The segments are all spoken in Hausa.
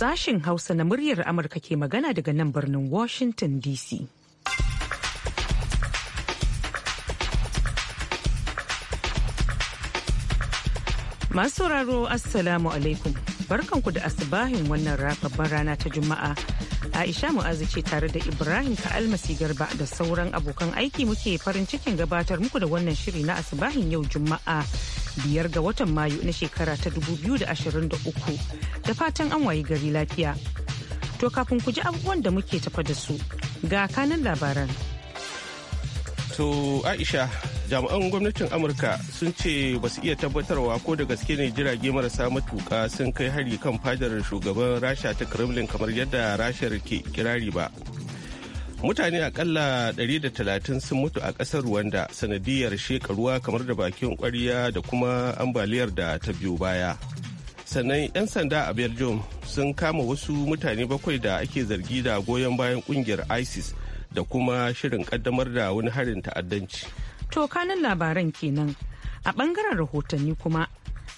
Sashen Hausa na muryar Amurka ke magana daga nan birnin Washington DC. Masu sauraro Assalamu alaikum. Barkanku da asibahin wannan rafabban rana ta Juma'a. Aisha Mu'azu ce tare da Ibrahim Ka'almasi Garba da sauran abokan aiki muke farin cikin gabatar muku da wannan shiri na asibahin yau Juma'a. biyar ga watan mayu na shekara ta 2023 da fatan an wayi gari lafiya. To kafin ku ji abubuwan da muke tafa da su ga kanan labaran. To Aisha, jami'an gwamnatin Amurka sun ce ba su iya tabbatarwa ko da gaske ne jirage marasa matuka sun kai hari kan fadar shugaban Rasha ta Kremlin kamar yadda Rashar ke kirari ba. mutane akalla 130 sun mutu a ƙasar rwanda sanadiyar shekaruwa kamar da bakin kwariya da kuma ambaliyar da ta biyo baya sannan 'yan sanda a belgium sun kama wasu mutane bakwai da ake zargi da goyon bayan kungiyar isis da kuma shirin kaddamar da wani harin ta'addanci to kanan labaran kenan a bangaren rahotanni kuma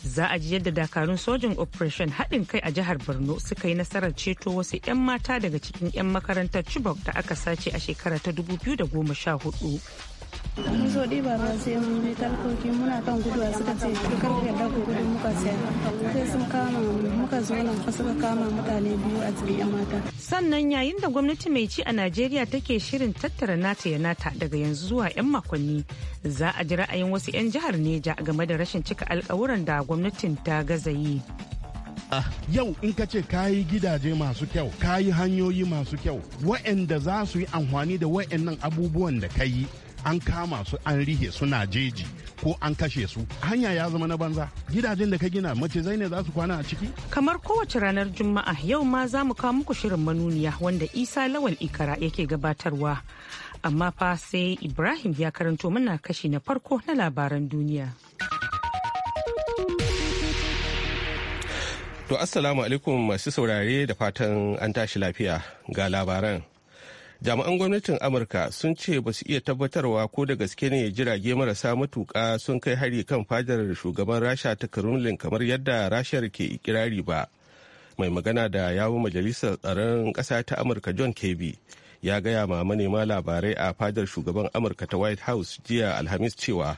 za a ji yadda dakarun sojin operation haɗin kai a jihar borno suka yi nasarar ceto wasu 'yan mata daga cikin 'yan makarantar chibok da aka sace a shekara ta 2014 mun zo ɗiba ba sai mun bi talkoki muna kan guduwa suka ce karfe da ku muka saya sai sun kama muka zo nan suka kama mutane biyu a cikin yan mata. sannan yayin da gwamnati mai ci a najeriya take shirin tattara nata ya nata daga yanzu zuwa yan makonni za a ji ra'ayin wasu yan jihar neja game da rashin cika alkawuran da gwamnatin ta gaza yi. Yau in ka ce ka gidaje masu kyau, kayi hanyoyi masu kyau, wa'anda za su yi amfani da wa'annan abubuwan da ka yi an kama su an rihe suna jeji ko an kashe su hanya ya zama na banza gidajen da ka gina mace zai ne za su kwana a ciki kamar kowace ranar juma'a yau ma za mu kawo muku shirin manuniya wanda isa lawal ikara yake gabatarwa amma fa sai ibrahim ya karanto mana kashi na farko na labaran duniya to assalamu alaikum masu saurare da fatan an tashi lafiya ga labaran jami'an gwamnatin amurka sun ce ba su iya tabbatarwa ko da gaske ne jirage marasa matuka sun kai hari kan fadar shugaban rasha ta kremlin kamar yadda rashar ke ikirari ba mai magana da yawun majalisar tsaron ƙasa ta amurka john kebi ya gaya ma manema labarai a fadar shugaban amurka ta white house jiya alhamis cewa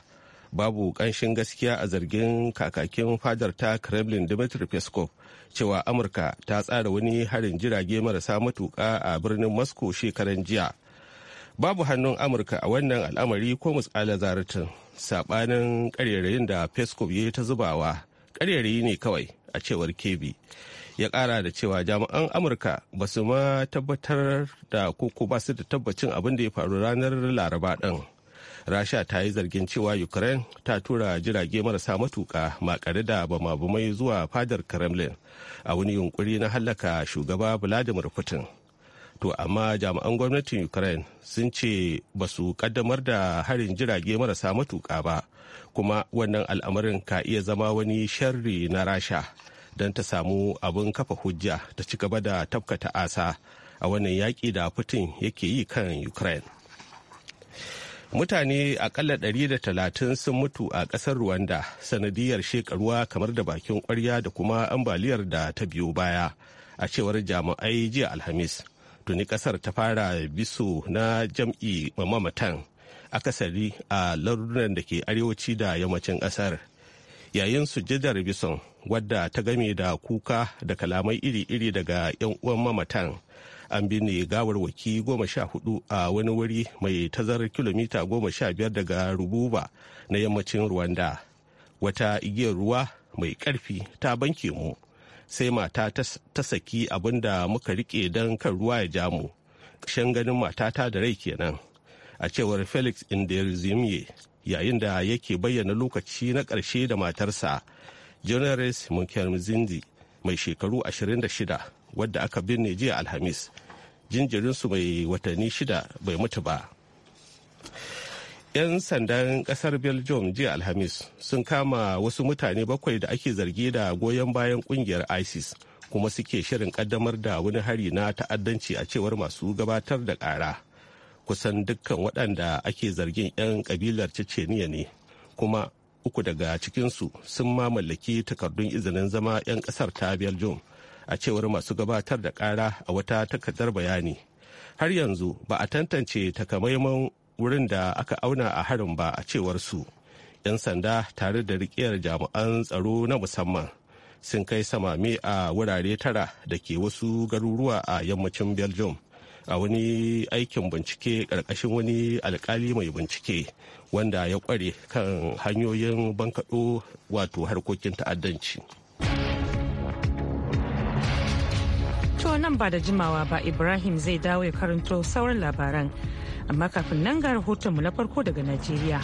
babu ƙanshin gaskiya a zargin kakakin fadar ta kremlin dmitry peskov cewa amurka ta tsara wani harin jirage marasa matuƙa a birnin moscow shekaran jiya babu hannun amurka a wannan al'amari ko mutsala zaratin sabanin karyarayin da peskov ya ta zubawa karyarayi ne kawai a cewar kebi ya ƙara da cewa jami'an amurka ba su ma tabbatar da koko ba su da tabbacin abin da ya faru ranar laraba ɗin. rasha ta yi zargin cewa ukraine ta tura jirage marasa matuka makare da bamabumai zuwa fadar kremlin a wani yunkuri na hallaka shugaba vladimir putin to amma jami'an gwamnatin ukraine sun ce ba su kaddamar da harin jirage marasa matuka ba kuma wannan al'amarin ka iya zama wani sharri na rasha don ta samu abin kafa hujja ta ci gaba da tafkata asa a wannan yaƙi da putin yake yi kan ukraine mutane akalla 130 sun mutu a ƙasar rwanda sanadiyar shekaruwa kamar da bakin kwarya da kuma ambaliyar da ta biyo baya a cewar jami'ai jiya alhamis tuni ƙasar ta fara biso na jam'i mamatan akasari a larunan da ke arewaci da yammacin ƙasar yayin sujjadar bison wadda ta game da kuka da kalamai iri-iri daga 'yan uwan mamatan an binne gawarwaki goma sha hudu a wani wuri mai tazarar kilomita goma sha biyar daga rububa na yammacin rwanda wata igiyar ruwa mai karfi ta banke mu sai mata ta saki abin da muka rike don kan ruwa ya jamu mu ƙashin ganin matata da rai kenan a cewar felix inderzimye yayin da yake bayyana lokaci na ƙarshe da matarsa generis munkermzindi mai shekaru 26 wadda aka binne jiya alhamis jinjirinsu mai watanni shida bai mutu ba 'yan sandan kasar belgium jiya alhamis sun kama wasu mutane bakwai da ake zargi da goyon bayan kungiyar isis kuma suke shirin kaddamar da wani hari na ta'addanci a cewar masu gabatar da kara kusan dukkan waɗanda ake zargin 'yan kabilar ceceniya ne kuma uku daga cikinsu sun mamallaki takardun izinin zama 'yan ƙasar ta belgium a cewar masu gabatar da kara a wata takardar bayani har yanzu ba a tantance takamaiman wurin da aka auna a harin ba a cewar su 'yan sanda tare da rikiyar jami'an tsaro na musamman sun kai samame a wurare tara da ke wasu garuruwa a yammacin belgium a wani aikin bincike ƙarƙashin wani alkali mai bincike wanda ya ƙware kan hanyoyin bankaɗo wato harkokin ta'addanci. To nan ba da jimawa ba Ibrahim zai dawo ya karanto sauran labaran. Amma kafin nan ga rahoton mu na farko daga Najeriya.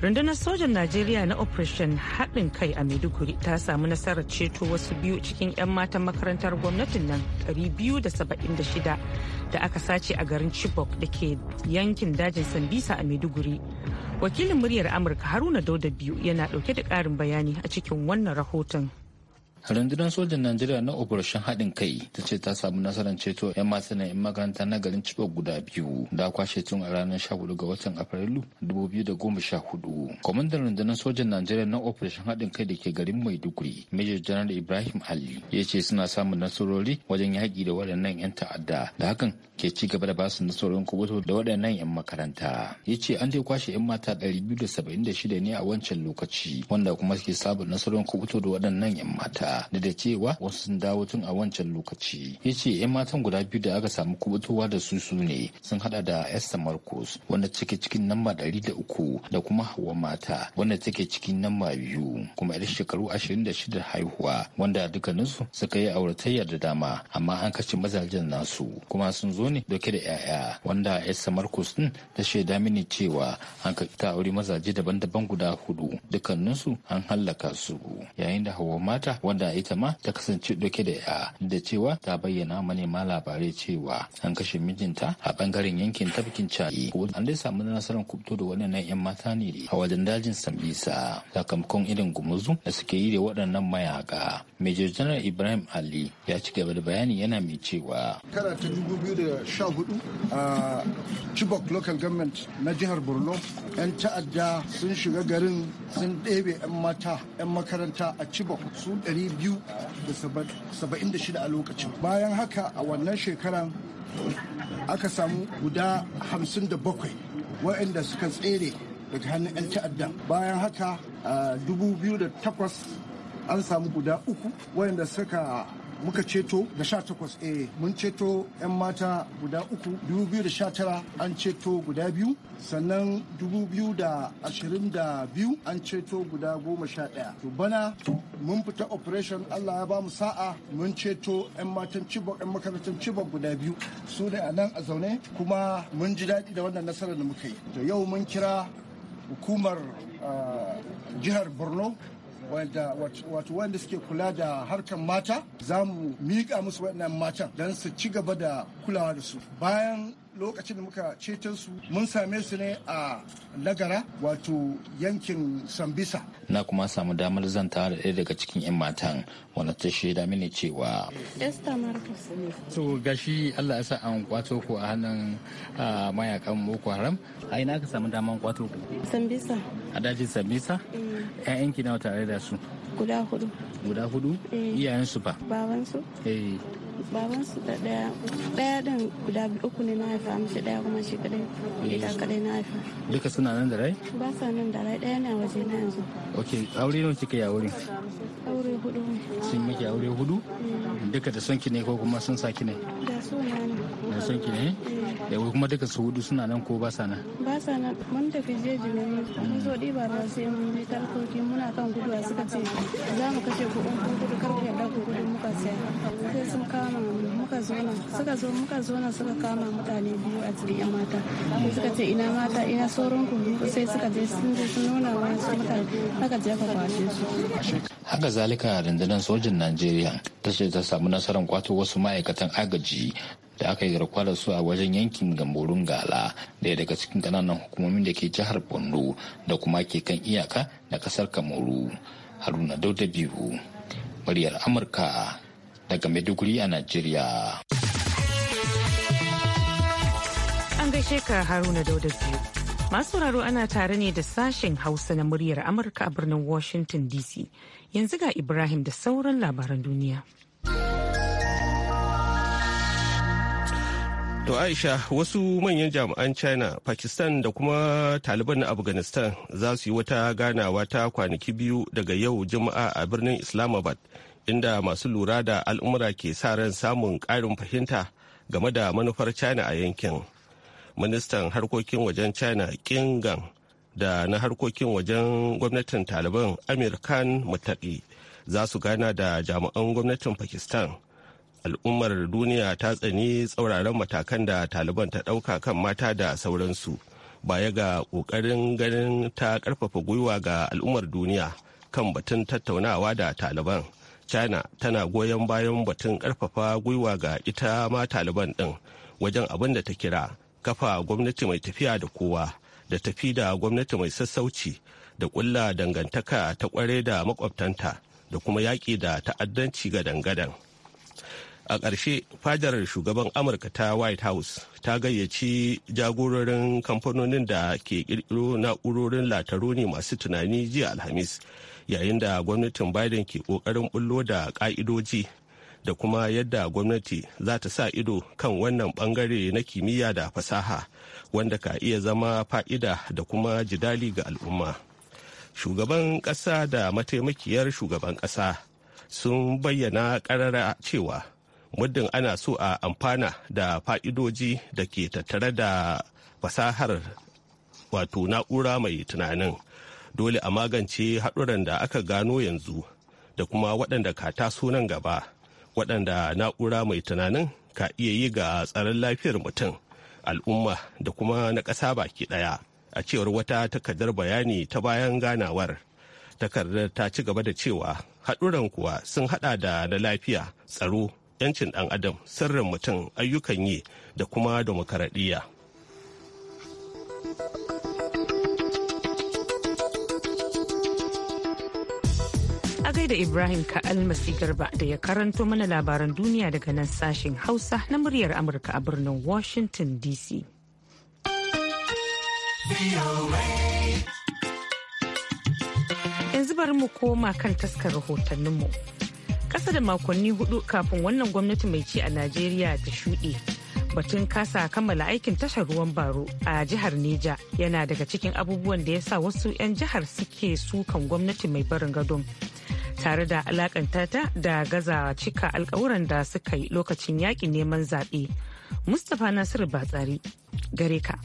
Rundunar sojan Najeriya na Operation haɗin kai a Maiduguri ta samu nasarar ceto wasu biyu cikin 'yan matan makarantar gwamnatin nan 276 da aka sace a garin Chibok da ke yankin dajin Sambisa a Maiduguri. Wakilin muryar Amurka Haruna Dauda biyu yana ɗauke da ƙarin bayani a cikin wannan rahoton. rundunar sojan najeriya na operation haɗin kai ta ce ta samu nasarar ceto 'yan masu na yin makaranta na garin chibok guda biyu da kwashe tun a ranar 14 ga watan afrilu da Goma sha hudu. kwamandan rundunar sojan najeriya na operation haɗin kai da ke garin maiduguri major general ibrahim ali ya ce suna samun nasarori wajen yaƙi da waɗannan 'yan ta'adda da hakan ke ci gaba da basu nasarorin kubuto da waɗannan 'yan makaranta ya ce an je kwashe 'yan mata ɗari biyu da da saba'in shida ne a wancan lokaci wanda kuma suke samun nasarorin kubuto da waɗannan 'yan mata shari'a da da cewa wasu sun dawo tun a wancan lokaci ya ce 'yan matan guda biyu da aka samu kubutowa da su su ne sun hada da esther marcos wanda take cikin namba ɗari da uku da kuma hawa mata wanda take cikin namba biyu kuma yar shekaru ashirin da shida haihuwa wanda dukkaninsu suka yi auratayya da dama amma an kashe mazajen nasu kuma sun zo ne dauke da 'ya'ya wanda esther marcos din ta shaida mini cewa an ta aure mazaje daban-daban guda hudu dukkaninsu an hallaka su yayin da hawa mata wanda da ita ma ta kasance dauke da ya da cewa ta bayyana manema labarai cewa an kashe mijinta a bangaren yankin tafkin ko an dai samu nasarar kubto da waɗannan 'yan mata ne a wajen dajin sambisa sakamakon irin gumuzu da suke yi da waɗannan mayaka major general ibrahim ali ya ci gaba da bayani yana mai cewa kara ta biyu da sha hudu a chibok local government na jihar borno 'yan ta'adda sun shiga garin sun ɗebe 'yan mata 'yan makaranta a chibok su ɗari 276 a lokacin bayan haka a wannan shekaran aka samu guda 57 waɗanda suka tsere daga hannun 'yan ta'adda bayan haka a 2008 an samu guda uku waɗanda suka muka ceto da sha takwas eh, mun ceto 'yan mata guda uku dubu an ceto guda biyu sannan dubu an ceto guda goma sha ɗaya bana mun fita operation allah ya ba mu sa'a mun ceto 'yan matan cibok 'yan makarantar cibok guda biyu su ne a nan a zaune kuma mun ji daɗi da wannan nasarar da muka yi to yau mun kira hukumar ah, jihar borno wanda wato wanda suke kula da harkan mata za mu miƙa musu waɗannan matan don su ci gaba da kulawa da su bayan lokacin da muka ceton su mun same su ne a lagara wato yankin sambisa na kuma samu damar zanta da ɗaya daga cikin 'yan matan wani ta shaida mini cewa esther marcus so gashi allah ya sa an kwato ku a hannun mayakan boko haram a ina ka samu damar kwato ku sambisa a dajin sambisa yanki eh. nawa tare da su guda hudu guda hudu eh. iyayen su fa baban su eh baban su da daya daya din guda uku ne na haifa mace daya kuma shi kadai ita kadai na haifa duka suna nan da rai ba sa nan da rai daya na waje na yanzu okay aure nawa kika yi aure aure hudu sun miki aure hudu mm. duka da sonki ne ko kuma sun saki ne da su na da sonki ne mm. yawo kuma duka su hudu suna nan ko ba sa nan ba sa nan mun tafi jeji ne mun zo diba ba sai mun bi talkoki muna kan gudu suka ce za mu kashe kuɗin kuɗi sosai sai sun kama muka zo suka zo muka zo suka kama mutane biyu a cikin yan mata suka ce ina mata ina sauran ku sai suka je sun je sun nuna wa su mutane aka je kwashe su haka zalika rundunar sojin najeriya ta ce ta samu nasarar kwato wasu ma'aikatan agaji da aka yi garkuwa da su a wajen yankin gamborun gala daya daga cikin kananan hukumomin da ke jihar borno da kuma ke kan iyaka da kasar kamaru haruna dauda biyu muryar amurka daga Maiduguri a Najeriya. An gaishe ka Haruna Dauda biyu. Masu sauraro ana tare ne da sashen Hausa na muryar Amurka a birnin Washington DC. Yanzu ga Ibrahim da sauran labaran duniya. To Aisha wasu manyan jami'an China, Pakistan da kuma Taliban na Afghanistan za su yi wata ganawa ta kwanaki biyu daga yau Juma'a a birnin Islamabad inda masu lura da al'umura ke sa ran samun ƙarin fahimta game da manufar China a yankin. Ministan harkokin wajen China Kingan da na harkokin wajen gwamnatin Taliban Amir Khan Mutaki za su gana da jami'an gwamnatin Pakistan. al'ummar duniya ta tsani tsauraran matakan da taliban ta ɗauka kan mata da sauransu baya ga ƙoƙarin ganin ta ƙarfafa gwiwa ga al'ummar duniya kan batun tattaunawa da taliban china tana goyon bayan batun ƙarfafa gwiwa ga ita ma taliban ɗin wajen abin da ta kira kafa gwamnati mai tafiya da kowa da tafi da gwamnati mai sassauci da ƙulla dangantaka ta kware da makwabtanta da kuma yaƙi da ta'addanci ga dangadan. a ƙarshe fadar shugaban amurka ta white house ta gayyaci jagororin kamfanonin da ke ƙirƙiro na'urorin lataroni masu tunani jiya alhamis yayin da gwamnatin biden ke ƙoƙarin bullo da ƙa'idoji da kuma yadda gwamnati za ta sa ido kan wannan bangare na kimiyya da fasaha wanda ka iya zama fa'ida da kuma jidali ga al'umma shugaban ƙasa da mataimakiyar shugaban ƙasa sun bayyana ƙarara cewa muddin ana so a amfana da fa'idoji da ke tattare da fasahar wato na'ura mai tunanin dole a magance haɗuran da aka gano yanzu da kuma waɗanda ka taso nan gaba waɗanda na'ura mai tunanin ka iya yi ga tsaron lafiyar mutum al'umma da kuma na ƙasa baki ɗaya a cewar wata takardar bayani ta bayan ganawar takardar ta ci gaba da cewa haɗuran kuwa sun haɗa da na lafiya tsaro 'yancin ɗan adam sirrin mutum ayyukan yi da kuma demokaradiyya. a gaida Ibrahim Ka'almasi Garba da ya karanto mana labaran duniya daga nan sashen Hausa na muryar Amurka a birnin Washington DC. Yanzu bari mu koma kan taskar rahotanninmu. kasa da makonni hudu kafin wannan gwamnati mai ci a najeriya ta shuɗe batun kasa kammala aikin tashar ruwan baro a jihar neja yana daga cikin abubuwan da ya sa wasu 'yan jihar suke sukan gwamnati mai barin gadon tare da alakanta ta da gaza cika alkawuran da suka yi lokacin yakin neman zaɓe mustapha nasiru batsari gare ka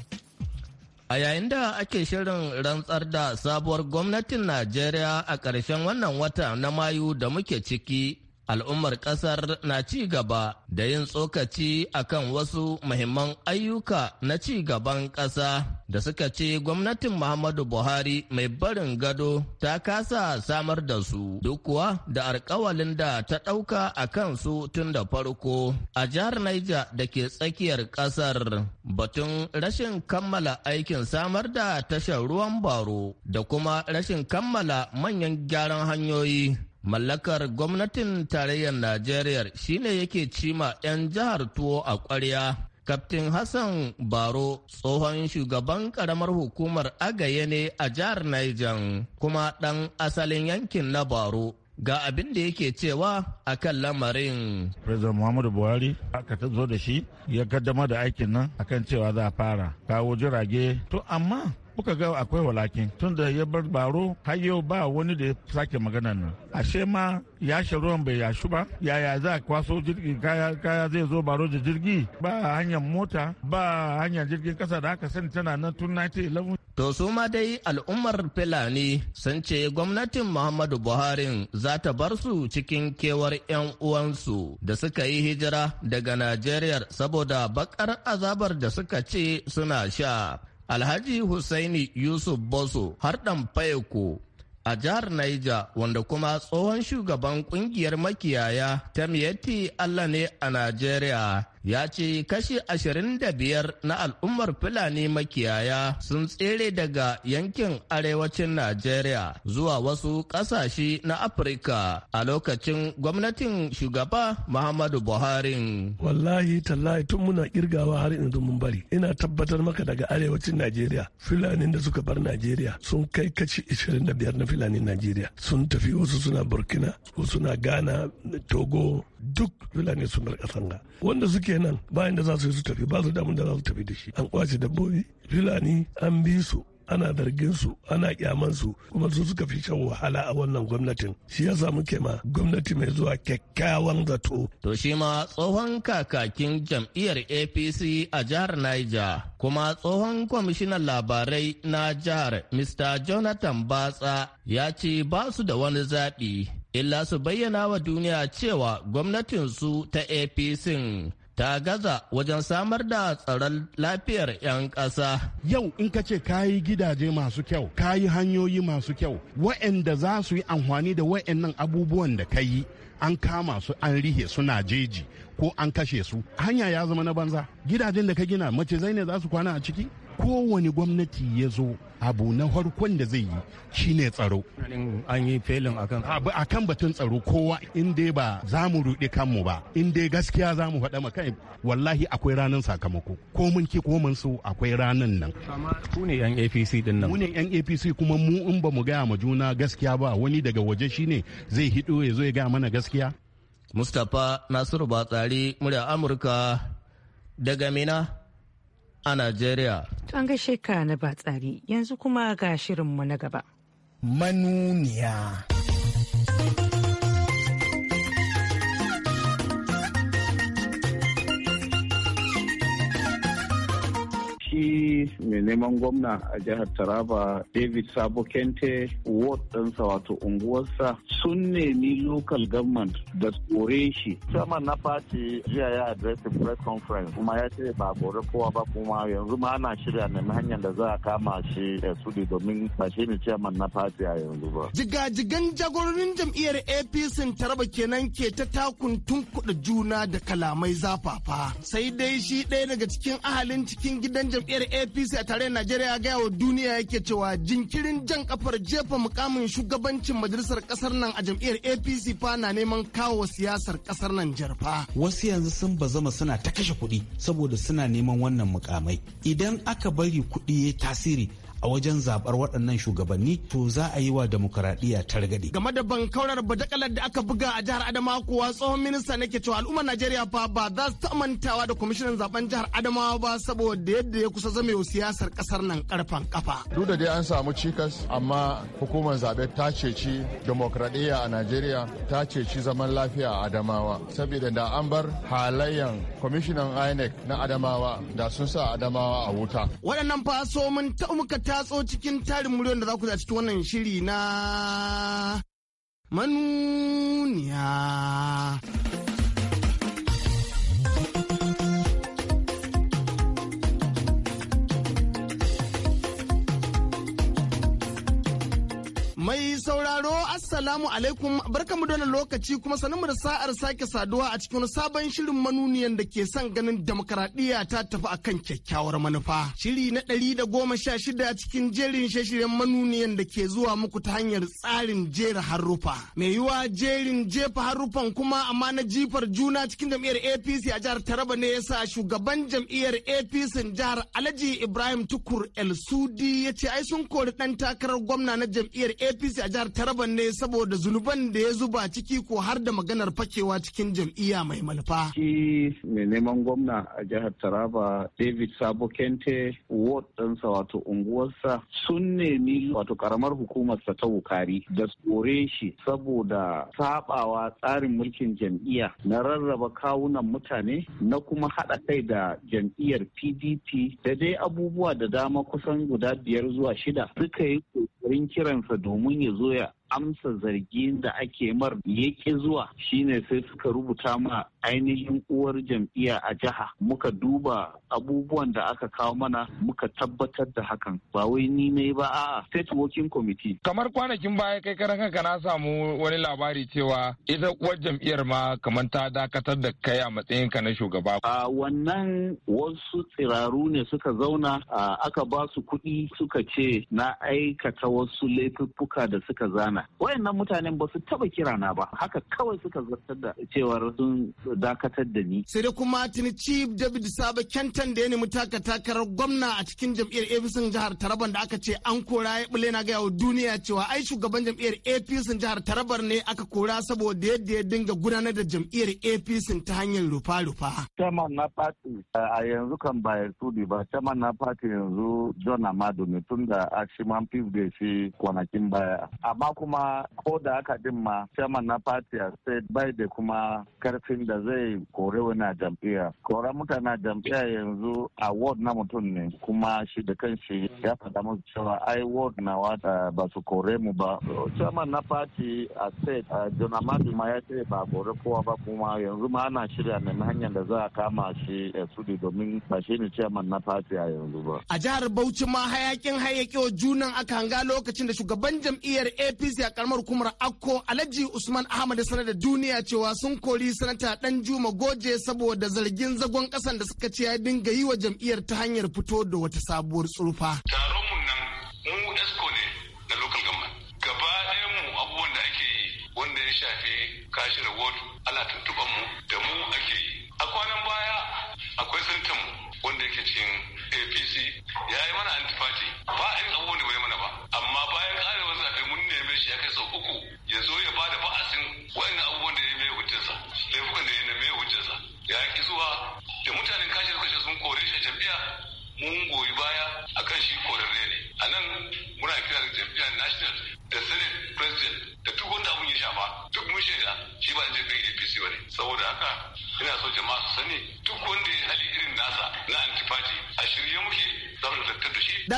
A yayin da ake shirin rantsar da sabuwar gwamnatin Najeriya a ƙarshen wannan wata na Mayu da muke ciki, al'ummar ƙasar na ci gaba da yin tsokaci akan wasu muhimman ayyuka na ci gaban ƙasa da suka ce gwamnatin Muhammadu Buhari mai barin gado ta kasa samar da su duk kuwa da alkawalin da ta ɗauka a kansu tun da farko a jihar Niger da ke tsakiyar ƙasar batun rashin kammala aikin samar da tashar ruwan baro da kuma rashin kammala manyan gyaran hanyoyi mallakar gwamnatin tarayyar najeriya shine yake cima 'yan jihar tuwo a ƙwarya kaftin hassan baro tsohon shugaban karamar hukumar agaye ne a jihar niger kuma ɗan asalin yankin na baro ga abin da yake cewa a kan lamarin. President Muhammadu Buhari aka ta zo da shi ya kaddama da aikin nan akan cewa za a fara kawo jirage to amma kuka ga akwai walakin tunda ya bar baro har yau ba wani da ya sake magana nan ashe ma yashe ruwan bai yashu ba yaya za a kwaso jirgi kaya zai zo baro da jirgi ba hanyar mota ba hanyar jirgin kasa da aka sani tana nan tun 1911 To su ma dai al'ummar Fulani sun ce gwamnatin Muhammadu Buhari za ta bar su cikin kewar 'yan uwansu da suka yi hijira daga Najeriya saboda bakar azabar da suka ce suna sha. Alhaji Hussaini Yusuf Boso har ɗan Fayeko a jihar Niger wanda kuma tsohon shugaban kungiyar makiyaya ta Miyetti Allah ne a Najeriya ya ce kashi 25 na al'ummar Fulani makiyaya sun tsere daga yankin arewacin Najeriya zuwa wasu ƙasashe na Afirka a lokacin gwamnatin shugaba Muhammadu Buhari. Wallahi tallahi tun muna kirgawa har yanzu mun bari. Ina tabbatar maka daga arewacin Najeriya fulani da suka bar Najeriya sun kai kashi 25 na fulani Najeriya sun tafi wasu suna Burkina wasu suna Ghana Togo duk Fulani sun bar ƙasan Wanda suke kenan bayan da za su yi tafi ba su damun da za su tafi da shi an kwace dabbobi filani an bi su ana zargin su ana kyaman su kuma su suka fi shan wahala a wannan gwamnatin shi ya samu ma gwamnati mai zuwa kyakkyawan zato to shi ma tsohon kakakin jam'iyyar apc a jihar niger kuma tsohon kwamishinan labarai na jihar mr jonathan batsa ya ce ba su da wani zaɓi illa su bayyana wa duniya cewa gwamnatin su ta apc ta gaza wajen samar da tsaron lafiyar 'yan ƙasa. Yau in ka ce ka yi gidaje masu kyau, ka yi hanyoyi masu kyau, wa'anda za su yi amfani da wa'annan abubuwan da ka yi, an kama su an rihe suna jeji ko an kashe su. Hanya ya zama na banza. Gidajen da ka gina mace zai ne za su kwana a ciki? kowane gwamnati ya zo abu na harkon da zai yi shine tsaro an yi felin akan abu akan batun tsaro kowa in ba za mu rudi kanmu ba in dai gaskiya za mu faɗa maka wallahi akwai ranar sakamako ko mun ki ko mun akwai ranar nan ku ne yan APC din nan ne yan APC kuma mu in ba mu gaya ma juna gaskiya ba wani daga waje shine zai hido ya zo ya gaya mana gaskiya Mustapha Nasiru Batsari murya Amurka daga Mina a Najeriya. To an gaishe ka na tsari yanzu kuma ga shirinmu na gaba. Manuniya. shi mai neman gwamna a jihar taraba david sabo kente ward ɗansa wato unguwarsa sun nemi local government da kore shi chairman na party jiya ya addressing press conference kuma ya ce ba kore kowa ba kuma yanzu ma ana shirya nemi hanyar da za a kama shi sudi domin ba shi ne chairman na party a yanzu ba jigajigan jigan jagororin jam'iyyar apc taraba kenan ke ta takun tunkuɗa juna da kalamai zafafa sai dai shi ɗaya daga cikin ahalin cikin gidan jam'iyyar apc a tarayyar najeriya ya gaya wa duniya yake cewa jinkirin jan kafar jefa mukamin shugabancin majalisar kasar nan a jam'iyyar apc fa na neman kawo siyasar kasar nan jarfa wasu yanzu sun bazama suna ta kashe kuɗi saboda suna neman wannan mukamai idan aka bari kuɗi ya tasiri a wajen zabar waɗannan shugabanni to za a yi wa demokuraɗiyya targaɗe. Game da bankaurar badakalar da aka buga a jihar Adamawa kuwa tsohon minista nake cewa al'ummar Najeriya fa ba za su mantawa da kwamishinan zaben jihar Adamawa ba saboda yadda ya kusa zama siyasar kasar nan karfan kafa. Duk da dai an samu cikas amma hukumar zaɓe ta ceci demokuraɗiyya a Najeriya ta ceci zaman lafiya a Adamawa. Saboda da an bar halayyan kwamishinan INEC na Adamawa da sun sa Adamawa a wuta. Waɗannan fa so mun ta tatso cikin tarin muryoyin da za ku cikin wannan shiri na manuniya. sauraro Assalamu alaikum barkamu da lokaci kuma sanmu da sa'ar sake saduwa a cikin sabon shirin manuniyan da ke son ganin demokaradiyya ta tafi akan kyakkyawar manufa. Shiri na ɗari da goma sha shida cikin jerin shirin manuniyan da ke zuwa muku ta hanyar tsarin jera harufa Mai yiwa jerin jefa harufan kuma amma na jifar juna cikin jam'iyyar APC a jihar Taraba ne yasa shugaban jam'iyyar APC jihar Alhaji Ibrahim Tukur El Sudi ya ce ai sun kori dan takarar gwamna na jam'iyyar APC a jihar Taraban ne saboda zunuban da ya zuba ciki ko har da maganar fakewa cikin jam'iyya mai manufa. Shi mai neman gwamna a jihar Taraba David Sabo Kente ward ɗansa wato unguwarsa sun nemi wato karamar hukumarsa ta Wukari da kore shi saboda sabawa tsarin mulkin jam'iyya na rarraba kawunan mutane na kuma haɗa kai da jam'iyyar PDP da dai abubuwa da dama kusan guda biyar zuwa shida suka yi rinkiransa domin ya zo ya amsa zargi da ake mar yaƙi zuwa shine sai suka rubuta ma ainihin uwar jam'iyya a jiha muka duba abubuwan da aka kawo mana muka tabbatar da hakan ba wai ni ne ba a state working committee kamar kwanakin baya kai karan kanka na samu wani labari cewa ita uwar jam'iyyar ma kamar ta dakatar da kai a matsayin ka na shugaba a wannan wasu tsiraru ne suka zauna aka ba su kuɗi suka ce na aikata wasu laifuffuka da suka zana magana wayannan mutanen ba su taba kira na ba haka kawai suka zartar da cewar sun dakatar da ni sai dai kuma tuni chief david sabo kentan da ya nemi taka takarar gwamna a cikin jam'iyyar apc jihar taraban da aka ce an kora ya bule na gaya wa duniya cewa ai shugaban jam'iyyar apc jihar tarabar ne aka kora saboda yadda ya dinga gudanar da jam'iyyar apc ta hanyar rufa-rufa. chairman na party a yanzu kan bayar tudi ba chairman na party yanzu john amadu ne tun da action man peace da shi kwanakin baya amma ko kuma ko da haka din ma chairman na party a state bai da kuma karfin da zai kore wani jam'iyya kora mutane jam'iyya yanzu a ward na mutum ne kuma shi da kanshi ya faɗa musu cewa ai ward na wata ba su kore mu ba chairman na party a state john ma ya ce ba kore kowa ba kuma yanzu ma ana shirya ne hanyar da za a kama shi eh, sudi domin ba shi ne chairman na party a yanzu ba a jihar bauchi ma hayakin hayakewa junan aka hanga lokacin da shugaban jam'iyyar apc APC a karamar hukumar Akko Alhaji Usman Ahmad sanar da duniya cewa sun kori sanata Dan Juma Goje saboda zargin zagon kasan da suka ce ya dinga yi wa jam'iyyar ta hanyar fito da wata sabuwar tsurfa. Taron nan da ya entraîner.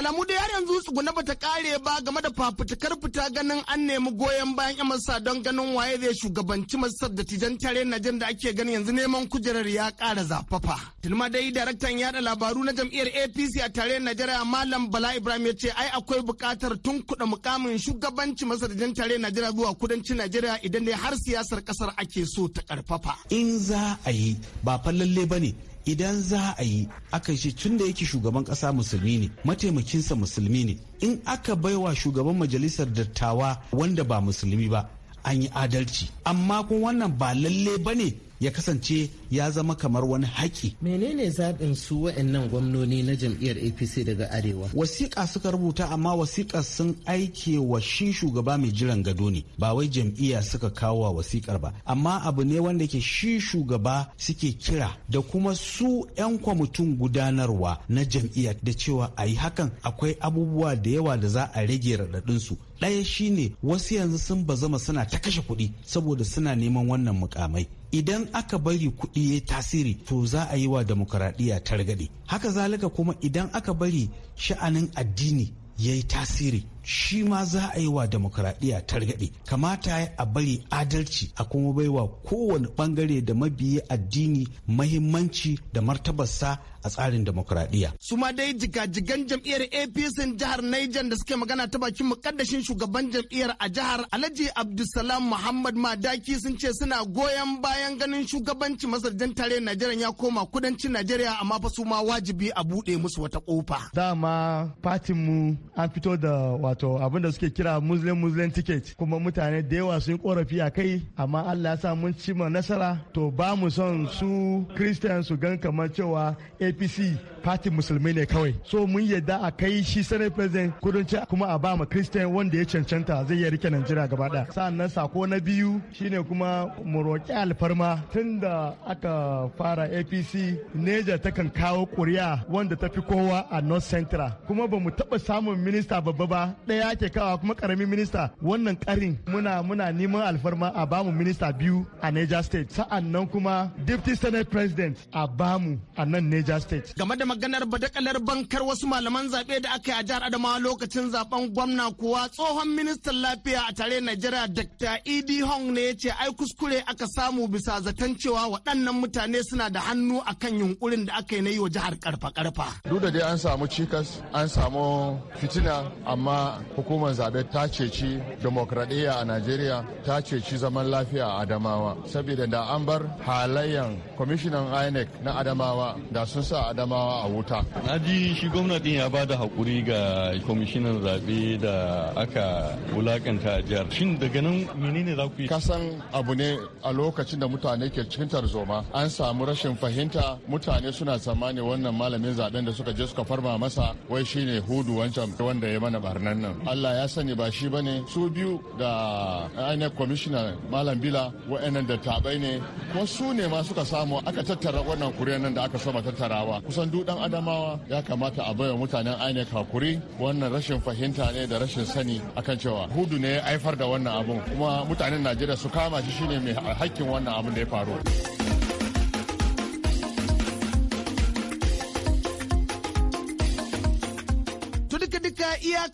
alamu da har yanzu tsuguna bata kare ba game da fafutukar fita ganin an nemi goyon bayan yan masa don ganin waye zai shugabanci masar da tijan tare na da ake ganin yanzu neman kujerar ya kara zafafa. Tilma dai daraktan yada labaru na jam'iyyar APC a tare Najeriya Malam Bala Ibrahim ya ce ai akwai bukatar tun kuɗa mukamin shugabanci masar da tare Najeriya zuwa kudancin Najeriya idan dai har siyasar kasar ake so ta karfafa. In za a yi ba fa lalle ne. idan za a yi aka ce tun da yake shugaban kasa musulmi ne mataimakinsa musulmi ne in aka baiwa shugaban majalisar dattawa wanda ba musulmi ba an yi adalci amma kuma wannan ba lalle ba ne ya kasance ya zama kamar wani haƙi. Menene zaɓin su wa'annan gwamnoni na jam'iyyar APC daga Arewa? Wasiƙa suka rubuta amma wasiƙa sun aike wa shi shugaba mai jiran gado ne ba wai jam'iyya suka kawo wa wasiƙar ba amma abu ne wanda ke shi shugaba suke kira da kuma su 'yan kwamitin gudanarwa na jam'iyyar da cewa a yi hakan akwai abubuwa da yawa da za a rage raɗaɗinsu ɗaya shine wasu yanzu sun bazama suna ta kashe kuɗi saboda suna neman wannan mukamai idan aka bari kuɗi ya tasiri to za a yi wa demokaradiyya targaɗe haka zalika kuma idan aka bari sha'anin addini ya yi tasiri shi ma za a yi wa demokuraɗiyya targaɗe kamata a bari adalci a kuma baiwa kowane ɓangare da mabiya addini mahimmanci da martabarsa a tsarin demokuraɗiyya. su ma dai jigajigan jam'iyyar apc jihar niger da suke magana ta bakin mukaddashin shugaban jam'iyyar a jihar alhaji abdulsalam muhammad madaki sun ce suna goyon bayan ganin shugabanci masarjan tare najeriya ya koma kudancin najeriya amma fa su ma wajibi a buɗe musu wata kofa. dama fatinmu an fito da wato abin da suke kira muslim muslim ticket kuma mutane da yawa sun korafi a kai amma allah ya sa mun ci ma nasara to ba mu son su christian su gan kamar cewa apc party musulmi ne kawai so mun yadda a kai shi senate president kudanci kuma a ba ma christian wanda ya cancanta zai iya rike najeriya gaba Sa sa'annan sako na biyu shine kuma mu roƙi alfarma tun da aka fara apc neja takan kawo ƙuri'a wanda ta fi kowa a north central kuma ba mu taɓa samun minista babba ba ɗaya ake kawa kuma karamin minista wannan karin muna muna neman alfarma a bamu minista biyu a Niger State sa'an nan kuma deputy senate president a bamu a nan Niger State. Game da maganar badakalar bankar wasu malaman zaɓe da aka yi a jihar Adamawa lokacin zaben gwamna kuwa tsohon ministan lafiya a tare Najeriya Dr. Idi Hong ne yace ai kuskure aka samu bisa zaton cewa waɗannan mutane suna da hannu akan yunkurin da aka yi na yi wa jihar karfa-karfa. Duk da dai an samu cikas an samu fitina amma hukumar zabe ta ceci demokradiyya a najeriya ta ceci zaman lafiya a adamawa saboda da an bar halayyan kwamishinan inec na adamawa da sun sa adamawa a wuta na ji shi gwamnatin ya ba da haƙuri ga kwamishinan zaɓe da aka wulaƙanta a jihar shin daga nan menene za ku yi kasan abu ne a lokacin da mutane ke cikin tarzoma an samu rashin fahimta mutane suna tsammani wannan malamin zaɓen da suka je suka farma masa wai shine hudu wancan wanda ya mana barnan nan Allah ya sani ba shi bane su biyu da ainihin kwamishina Malam Bila wa'annan da tabai ne kuma su ne ma suka samu aka tattara wannan kuriyar nan da aka sama tattarawa kusan dudan adamawa ya kamata a baiwa mutanen ainihin kakuri wannan rashin fahimta ne da rashin sani akan cewa hudu ne ya haifar da wannan abun kuma mutanen Najeriya su kama shi shine mai hakkin wannan abun da ya faru.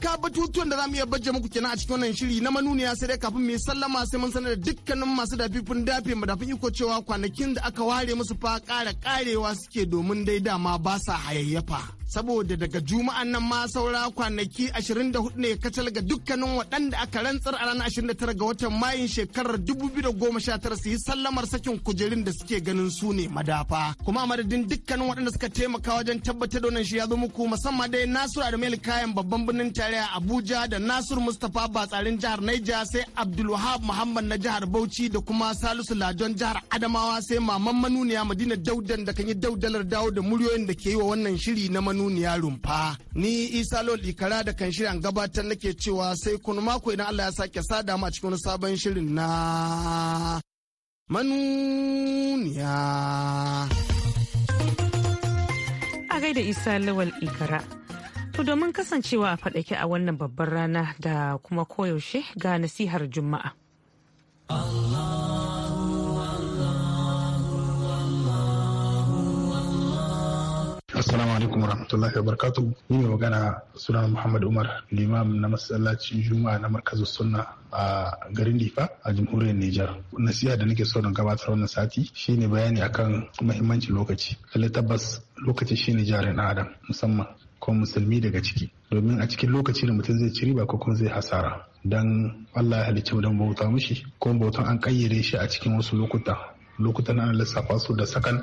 iyaka batutuwan da zamu mu iya baje muku kenan a cikin wannan shiri na manuniya sai dai kafin mu sallama sai mun sanar da dukkanin masu dafifin dafe madafin iko cewa kwanakin da aka ware musu fa ƙara ƙarewa suke domin dai dama ba sa hayayyafa. saboda daga juma'an nan ma saura kwanaki 24 ne kacal ga dukkanin waɗanda aka rantsar a ranar 29 ga watan mayin shekarar 2019 su yi sallamar sakin kujerun da suke ganin su ne madafa kuma a madadin dukkanin waɗanda suka taimaka wajen tabbatar da wannan shi ya zo muku musamman dai nasiru adamel kayan babban birnin tarayya abuja da nasiru mustapha batsarin jihar naija sai abdulwahab muhammad na jihar bauchi da kuma salisu Lajon jihar adamawa sai maman manuniya madina daudan da kan yi daudalar dawo da muryoyin da ke yi wa wannan shiri na manu manuniya rumfa ni isa lawal ikara da kan shirin gabatar nake cewa sai kun mako idan allah ya sake sada mu a cikin sabon shirin na manuniya a gaida isa lawal ikara To domin kasancewa a faɗake a wannan babbar rana da kuma koyaushe ga nasihar Juma'a. Allah. Assalamu alaikum wa rahmatullahi wa Ni mai magana suna Muhammad Umar, limam na masallacin Juma'a na markazu sunna a garin Difa a jamhuriyar Nijar. Nasiha da nake so na gabatar wannan sati shine bayani akan muhimmancin lokaci. Lalle tabbas lokaci shine jarin Adam musamman ko musulmi daga ciki. Domin a cikin lokaci da mutum zai ci riba ko kuma zai hasara. Dan Allah ya halicci mu don bauta mushi ko bautan an kayyade shi a cikin wasu lokuta. Lokutan ana lissafa su da sakan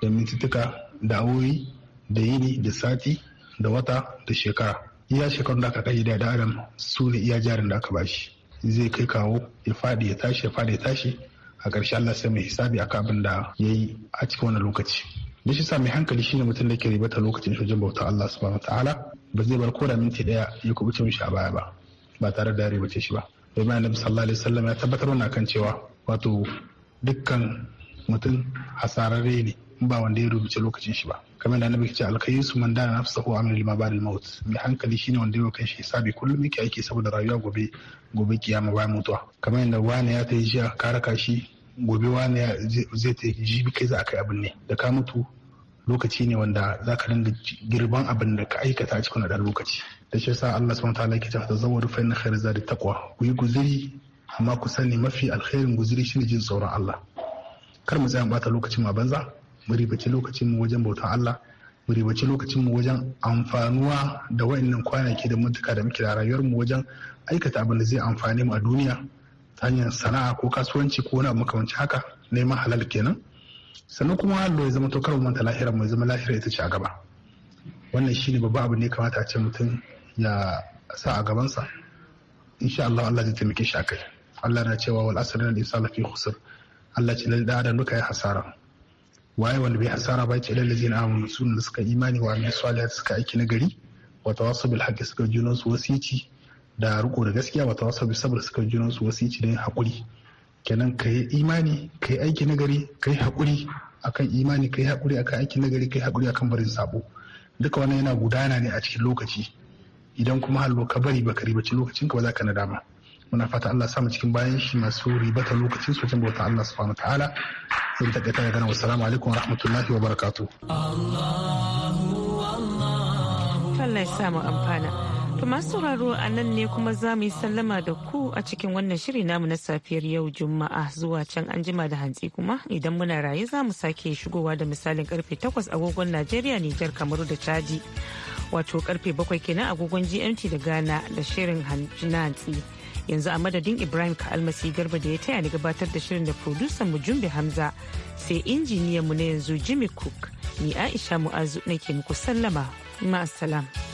da mintutuka da awoyi da yini da sati da wata da shekara iya shekarun da aka kai da adam su ne iya jarin da aka bashi zai kai kawo ya faɗi ya tashi ya fadi ya tashi a ƙarshe Allah sai mai hisabi akan abin da ya yi a cikin wannan lokaci da shi sa mai hankali shine mutum da ke ribata lokacin shojin bauta Allah subhanahu ta'ala ba zai bar koda minti daya ya cin shi a baya ba ba tare da ce shi ba domin annabi sallallahu alaihi wasallam ya tabbatar mana kan cewa wato dukkan mutum hasararre ne ba wanda ya rubuce lokacin shi ba kamar da annabi ce su man dana nafsa ko amila lima ba'da al-maut mai hankali shine wanda yau kan shi sabi kullum yake aiki saboda rayuwa gobe gobe kiyama bayan mutuwa kamar yadda wani ya ta jiya ka raka shi gobe wani zai ta jibi kai za a kai abin ne da ka mutu lokaci ne wanda za ka dinga girban abin da ka aikata a cikin ɗan lokaci da shi sa Allah subhanahu wataala yake cewa tazawwadu fa inna khayra zadi taqwa ku yi guziri amma ku sani mafi alkhairin guziri shine jin tsoron Allah kar mu tsaya bata lokacin ma banza mu ribaci lokacin mu wajen bautan Allah mu ribaci lokacin mu wajen amfanuwa da wa'annan kwanaki da mutuka da muke da rayuwar mu wajen aikata abin da zai amfane mu a duniya ta hanyar sana'a ko kasuwanci ko wani makamancin haka neman halal kenan sannan kuma Allah ya zama tokar manta lahira mu zama lahira ita ce a gaba wannan shine babban abu ne kamata a ce mutum ya sa a gabansa insha Allah Allah zai taimake shi akai Allah na cewa wal asr lil insani fi khusr Allah ce lalle da adam duka ya hasara waye wanda bai hasara ba ce lallazi na amanu su da suka imani wa amin salihat suka aiki nagari wata wasu bil haƙi suka juna su wasici da riko da gaskiya wata wasu bil sabar suka juna su wasici da yin haƙuri kenan ka yi imani ka yi aiki nagari ka yi haƙuri akan imani ka yi haƙuri akan aiki nagari ka yi haƙuri akan barin sabo duka wannan yana gudana ne a cikin lokaci idan kuma hallo ka bari baka ribaci lokacin ka ba za ka nadama muna fata Allah samu cikin bayan shi masu ribata lokacin su wajen bauta Allah subhanahu wa ta'ala zan takaita da gana wasu alaikum rahmatullahi wa barakatu. Allah ya samu amfana. To masu sauraro a nan ne kuma za mu yi sallama da ku a cikin wannan shiri namu na safiyar yau Juma'a zuwa can an jima da hantsi kuma idan muna raye za mu sake shigowa da misalin karfe 8 agogon Najeriya Nijar Kamaru da Chadi. Wato karfe 7 kenan agogon GMT da Ghana da shirin na hantsi. yanzu a madadin ibrahim ka'almasi garba da ya taya ni gabatar da shirin da producer mu jumbe hamza sai injiniyan mu na yanzu jimmy cook ni aisha mu'azu nake muku sallama ma'asalam.